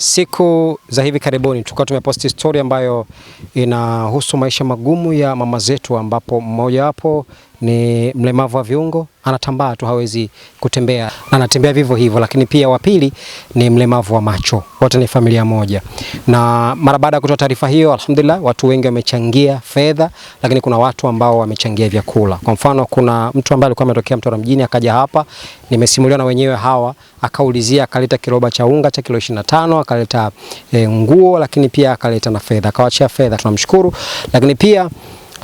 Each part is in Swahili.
Siku za hivi karibuni tulikuwa tumeposti story ambayo inahusu maisha magumu ya mama zetu, ambapo mmoja wapo ni mlemavu wa viungo, anatambaa tu, hawezi kutembea, anatembea vivyo hivyo. Lakini pia wa pili ni mlemavu wa macho, wote ni familia moja. Na mara baada ya kutoa taarifa hiyo, alhamdulillah, watu wengi wamechangia fedha, lakini kuna watu ambao wamechangia vyakula. Kwa mfano, kuna mtu ambaye alikuwa ametokea Mtwara mjini akaja hapa, nimesimuliwa na wenyewe hawa, akaulizia, akaleta kiroba cha unga cha kilo 25, akaleta e, nguo, lakini pia akaleta na fedha, akawachia fedha, tunamshukuru. Lakini pia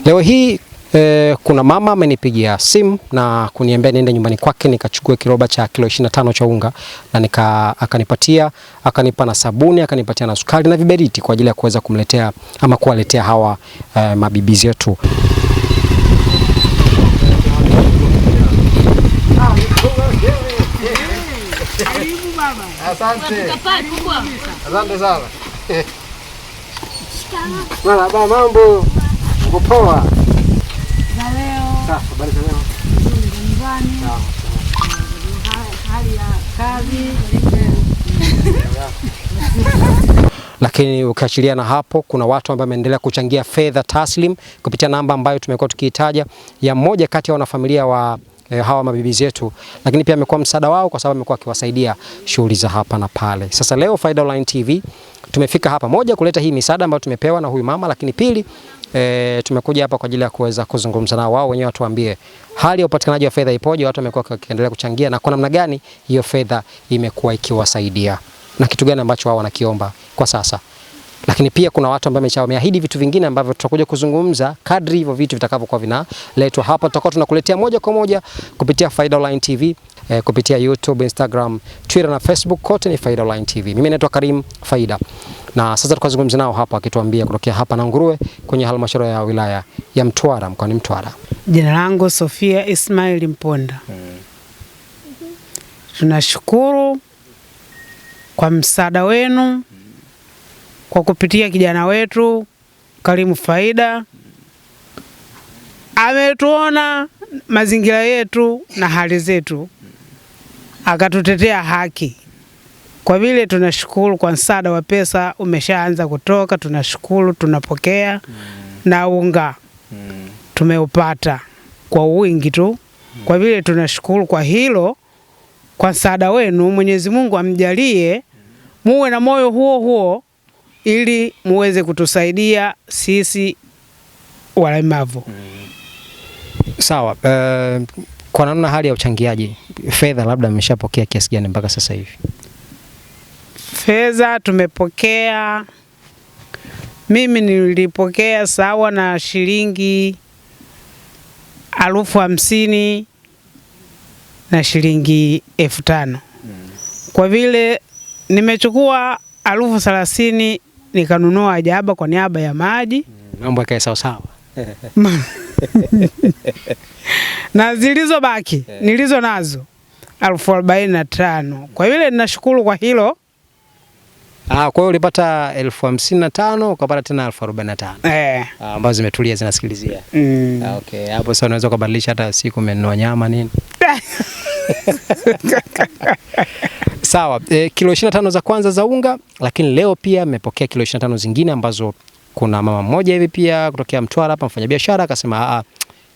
leo hii E, kuna mama amenipigia simu na kuniambia niende nyumbani kwake nikachukue kiroba cha kilo 25 cha unga na nika, akanipatia akanipa na sabuni akanipatia na sukari na viberiti kwa ajili ya kuweza kumletea ama kuwaletea hawa e, mabibi zetu. Asante. Asante sana. Mambo. Uko poa? habari za leo? lakini ukiachilia na hapo, kuna watu ambao wameendelea kuchangia fedha taslim kupitia namba ambayo tumekuwa tukiitaja ya mmoja kati ya wanafamilia wa eh, hawa mabibi zetu, lakini pia amekuwa msaada wao kwa sababu amekuwa akiwasaidia shughuli za hapa na pale. Sasa leo Faida Online TV tumefika hapa, moja kuleta hii misaada ambayo tumepewa na huyu mama, lakini pili e, tumekuja hapa kwa ajili ya kuweza kuzungumza nao, wao wenyewe watuambie hali ya upatikanaji wa fedha ipoje, watu wamekuwa wakiendelea kuchangia na kwa namna gani hiyo fedha imekuwa ikiwasaidia na kitu gani ambacho wao wanakiomba kwa sasa. Lakini pia kuna watu ambao wameahidi vitu vingine ambavyo tutakuja kuzungumza kadri hivyo vitu vitakavyokuwa vinaletwa hapa, tutakuwa tunakuletea moja kwa moja kupitia Faida Online TV. Eh, kupitia YouTube, Instagram, Twitter na Facebook kote ni Faida Online TV. Mimi naitwa Karim Faida na sasa tukazungumza nao hapa akituambia kutokea hapa na nguruwe kwenye halmashauri ya wilaya ya Mtwara mkoani Mtwara. Jina langu Sofia Ismail Mponda. hmm. Tunashukuru kwa msaada wenu kwa kupitia kijana wetu Karimu Faida, ametuona mazingira yetu na hali zetu, akatutetea haki kwa vile tunashukuru kwa msaada wa pesa umeshaanza kutoka, tunashukuru tunapokea mm. na unga mm. tumeupata kwa wingi tu mm. kwa vile tunashukuru kwa hilo, kwa msaada wenu. Mwenyezi Mungu amjalie muwe na moyo huo huo ili muweze kutusaidia sisi walemavu mm. Sawa. Uh, kwa namna hali ya uchangiaji fedha, labda mmeshapokea kiasi gani mpaka sasa hivi? Fedha tumepokea, mimi nilipokea sawa na shilingi elfu hamsini na shilingi elfu tano kwa vile nimechukua elfu thelathini nikanunua ajaba kwa niaba ya maji, mambo mm, yakae sawa sawa na zilizobaki eh. nilizo nazo elfu arobaini na tano. Kwa vile ninashukuru kwa hilo Ah, kwa hiyo ulipata elfu hamsini na tano ukapata tena elfu arobaini na tano eh, ah, ambazo zimetulia zinasikilizia. Mm. Ah, okay. Hapo sasa unaweza kubadilisha hata siku umenunua nyama nini? Sawa, e, kilo 25 za kwanza za unga, lakini leo pia mmepokea kilo 25 zingine ambazo kuna mama mmoja hivi pia kutokea Mtwara hapa mfanyabiashara akasema ah, ah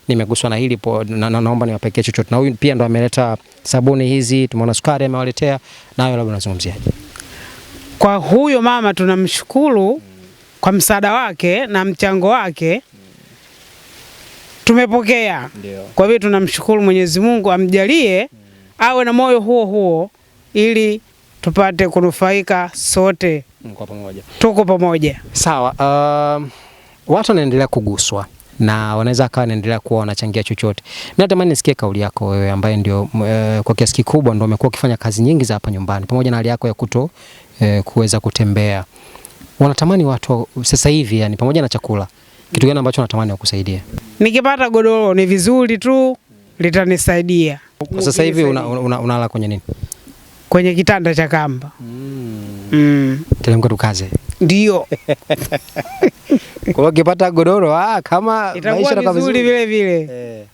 nimeguswa na hili po, na, na, naomba niwapekee chochote, na huyu pia ndo ameleta sabuni hizi, tumeona sukari amewaletea, nayo labda unazungumziaje? Kwa huyo mama tunamshukuru kwa msaada wake na mchango wake tumepokea. Kwa hiyo tunamshukuru Mwenyezi Mungu amjalie awe na moyo huo huo ili tupate kunufaika sote kwa pamoja. Tuko pamoja. Sawa. Uh, watu wanaendelea kuguswa na wanaweza akawa naendelea kuwa wanachangia chochote. Mimi natamani nisikie kauli yako wewe, ambaye ndio e, kwa kiasi kikubwa ndio umekuwa ukifanya kazi nyingi za hapa nyumbani pamoja na hali yako ya kuto e, kuweza kutembea. Wanatamani watu sasa hivi, yani pamoja na chakula, kitu gani ambacho wanatamani wakusaidia? Nikipata godoro ni vizuri tu litanisaidia. Kwa sasa hivi unalala una, una kwenye nini? Kwenye kitanda cha kamba. Mm. Mm. Teremka tukaze. Ndio. Kwa kipata godoro ah, kama maisha vizuri vile vile.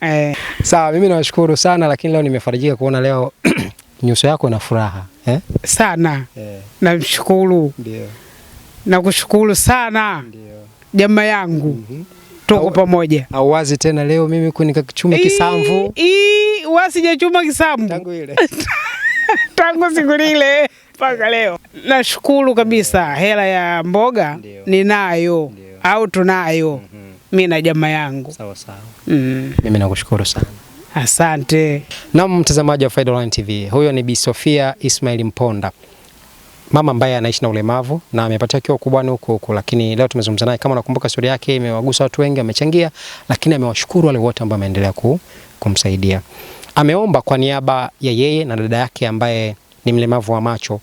Eh. Eh. Sawa, mimi nawashukuru sana lakini leo nimefarijika kuona leo nyuso yako na furaha eh? Sana eh. Namshukuru. na Nakushukuru sana. Ndio. yangu. Mm -hmm. Tuko pamoja. wazi tena leo mimi kunika kichuma kisamvu. Ii, wasija chuma kisamvu. Tangu ile. Tangu siku ile. mpaka leo. Nashukuru kabisa, hela ya mboga ninayo au tunayo, mm-hmm. mi na jamaa yangu sawa sawa. mm. Mimi nakushukuru sana. Asante. Naam, mtazamaji wa Faida Online TV, huyo ni Bi Sofia Ismail Mponda, mama ambaye anaishi na ulemavu na amepatia kiwa kubwani huko huko, lakini leo tumezungumza naye. Kama unakumbuka, stori yake imewagusa watu wengi, amechangia, lakini amewashukuru wale wote ambao wameendelea kumsaidia. Ameomba kwa niaba ya yeye na dada yake ambaye ni mlemavu wa macho.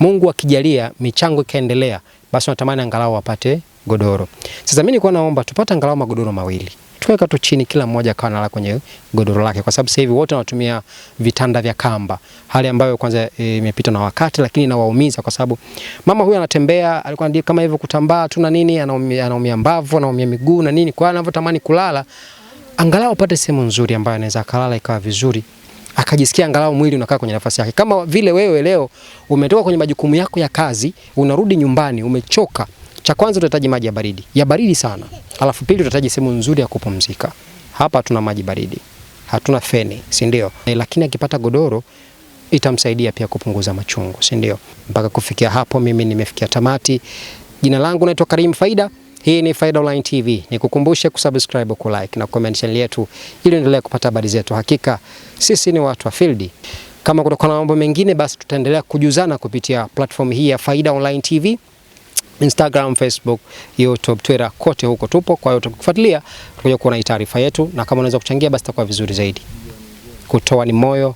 Mungu akijalia michango ikaendelea, basi natamani angalau wapate godoro. Sasa mimi nilikuwa naomba tupate angalau magodoro mawili tukaweka tu chini, kila mmoja akawa analala kwenye godoro lake, kwa sababu sasa hivi wote wanatumia vitanda vya kamba, hali ambayo kwanza e, imepita e, na wakati, lakini inawaumiza kwa sababu mama huyu anatembea, alikuwa ndiye kama hivyo kutambaa tu na nini, anaumia, mbavu, anaumia miguu na nini. Kwa hiyo anavyotamani kulala, angalau apate sehemu nzuri ambayo anaweza akalala ikawa vizuri, akajisikia angalau mwili unakaa kwenye nafasi yake. Kama vile wewe leo umetoka kwenye majukumu yako ya kazi, unarudi nyumbani umechoka, cha kwanza utahitaji maji ya baridi, ya baridi sana. Alafu pili utahitaji sehemu nzuri ya kupumzika. Hapa hatuna maji baridi, hatuna feni, si ndio? E, Lakini akipata godoro itamsaidia pia kupunguza machungu, si ndio? Mpaka kufikia hapo, mimi nimefikia tamati. Jina langu naitwa Karim Faida. Hii ni Faida Online TV, nikukumbushe kusubscribe, kulike na comment channel yetu ili endelee kupata habari zetu. Hakika sisi ni watu wa field. Kama kutokana na mambo mengine, basi tutaendelea kujuzana kupitia platform hii ya Faida Online TV, Instagram, Facebook, YouTube, Twitter, kote huko tupo. Kwa hiyo tukifuatilia, tutakuja kuona taarifa yetu, na kama unaweza kuchangia, basi itakuwa vizuri zaidi. Kutoa ni moyo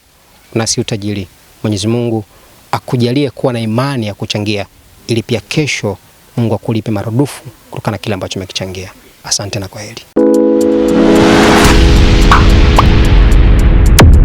na si utajiri. Mwenyezi Mungu akujalie kuwa na imani ya kuchangia ili pia kesho Mungu akulipe marudufu kutokana na kile ambacho umekichangia. Asante na kwaheri.